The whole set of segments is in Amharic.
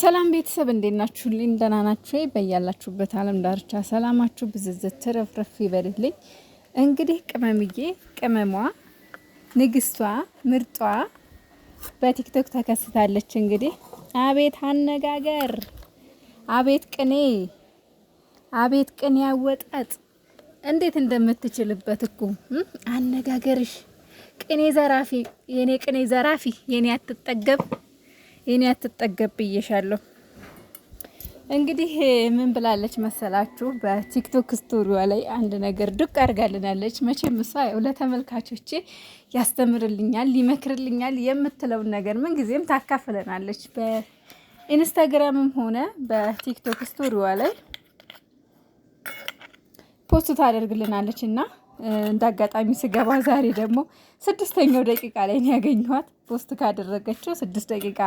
ሰላም ቤተሰብ እንዴት ናችሁልኝ? ደህና ናችሁ? በያላችሁበት ዓለም ዳርቻ ሰላማችሁ ብዝዝት ትረፍረፍ ይበልልኝ። እንግዲህ ቅመምዬ ቅመሟ ንግስቷ ምርጧ በቲክቶክ ተከስታለች። እንግዲህ አቤት አነጋገር፣ አቤት ቅኔ፣ አቤት ቅኔ አወጣጥ እንዴት እንደምትችልበት እኮ አነጋገርሽ ቅኔ ዘራፊ፣ የኔ ቅኔ ዘራፊ፣ የኔ አትጠገብ የኔ አትጠገብ ብዬሻለሁ። እንግዲህ ምን ብላለች መሰላችሁ? በቲክቶክ ስቶሪዋ ላይ አንድ ነገር ዱቅ አድርጋልናለች። መቼም እሷ ያው ለተመልካቾቼ ያስተምርልኛል፣ ይመክርልኛል የምትለውን ነገር ምንጊዜም ታካፍለናለች። በኢንስታግራምም ሆነ በቲክቶክ ስቶሪዋ ላይ ፖስት ታደርግልናለች እና እንደ አጋጣሚ ስገባ ዛሬ ደግሞ ስድስተኛው ደቂቃ ላይ ነው ያገኘኋት። ፖስት ካደረገችው ስድስት ደቂቃ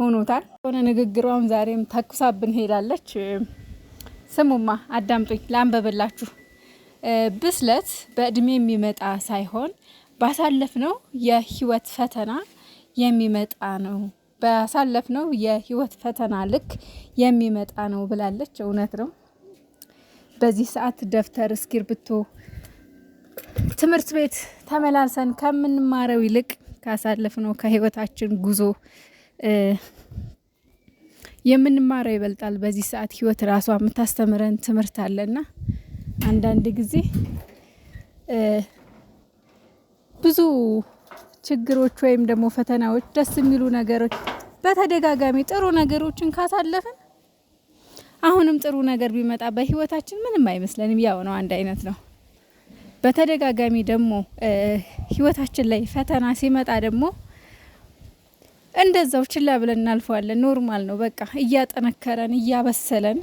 ሆኖታል። የሆነ ንግግሯም ዛሬም ተኩሳብን ሄዳለች። ስሙማ አዳምጡኝ፣ ላንበበላችሁ። ብስለት በእድሜ የሚመጣ ሳይሆን ባሳለፍነው የህይወት ፈተና የሚመጣ ነው። ባሳለፍነው የህይወት ፈተና ልክ የሚመጣ ነው ብላለች። እውነት ነው። በዚህ ሰዓት ደብተር እስክሪብቶ ትምህርት ቤት ተመላልሰን ከምንማረው ይልቅ ካሳለፍነው ከህይወታችን ጉዞ የምንማረው ይበልጣል። በዚህ ሰዓት ህይወት ራሷ የምታስተምረን ትምህርት አለና አንዳንድ ጊዜ ብዙ ችግሮች ወይም ደግሞ ፈተናዎች፣ ደስ የሚሉ ነገሮች፣ በተደጋጋሚ ጥሩ ነገሮችን ካሳለፍን አሁንም ጥሩ ነገር ቢመጣ በህይወታችን ምንም አይመስለንም። ያው ነው፣ አንድ አይነት ነው። በተደጋጋሚ ደግሞ ህይወታችን ላይ ፈተና ሲመጣ ደግሞ እንደዛው ችላ ብለን እናልፈዋለን። ኖርማል ነው። በቃ እያጠነከረን እያበሰለን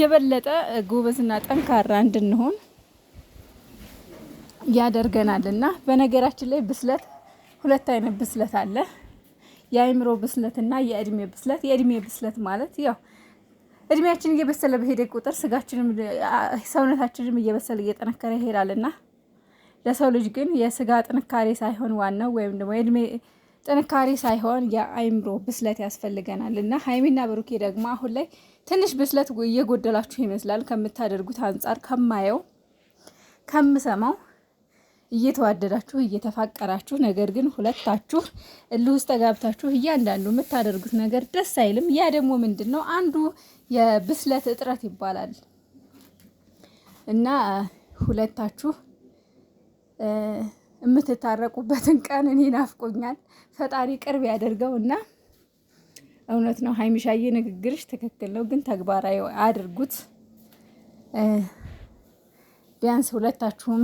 የበለጠ ጎበዝና ጠንካራ እንድንሆን ያደርገናል። እና በነገራችን ላይ ብስለት ሁለት አይነት ብስለት አለ፣ የአእምሮ ብስለት የእድሜ ብስለት። የእድሜ ብስለት ማለት ያው እድሜያችን እየበሰለ በሄደ ቁጥር ስጋችንም ሰውነታችንም እየበሰለ እየጠነከረ ይሄዳልና ለሰው ልጅ ግን የስጋ ጥንካሬ ሳይሆን ዋናው ወይም ደግሞ የእድሜ ጥንካሬ ሳይሆን የአይምሮ ብስለት ያስፈልገናል። እና ሀይሚና ብሩኬ ደግሞ አሁን ላይ ትንሽ ብስለት እየጎደላችሁ ይመስላል ከምታደርጉት አንጻር ከማየው ከምሰማው እየተዋደዳችሁ እየተፋቀራችሁ፣ ነገር ግን ሁለታችሁ እልህ ውስጥ ተጋብታችሁ እያንዳንዱ የምታደርጉት ነገር ደስ አይልም። ያ ደግሞ ምንድን ነው? አንዱ የብስለት እጥረት ይባላል እና ሁለታችሁ የምትታረቁበትን ቀን እኔ ናፍቆኛል። ፈጣሪ ቅርብ ያደርገው እና እውነት ነው ሀይሚሻዬ፣ ንግግርሽ ትክክል ነው፣ ግን ተግባራዊ አድርጉት ቢያንስ ሁለታችሁም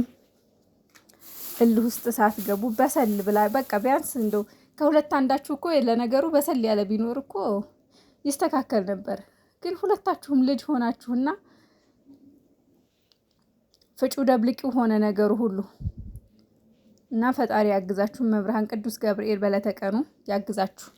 እልህ ውስጥ ሳትገቡ በሰል ብላ በቃ ቢያንስ እንደው ከሁለት አንዳችሁ እኮ ለነገሩ በሰል ያለ ቢኖር እኮ ይስተካከል ነበር። ግን ሁለታችሁም ልጅ ሆናችሁና ፍጩ ደብልቂው ሆነ ነገሩ ሁሉ እና ፈጣሪ ያግዛችሁ። መብርሃን ቅዱስ ገብርኤል በለተቀኑ ያግዛችሁ።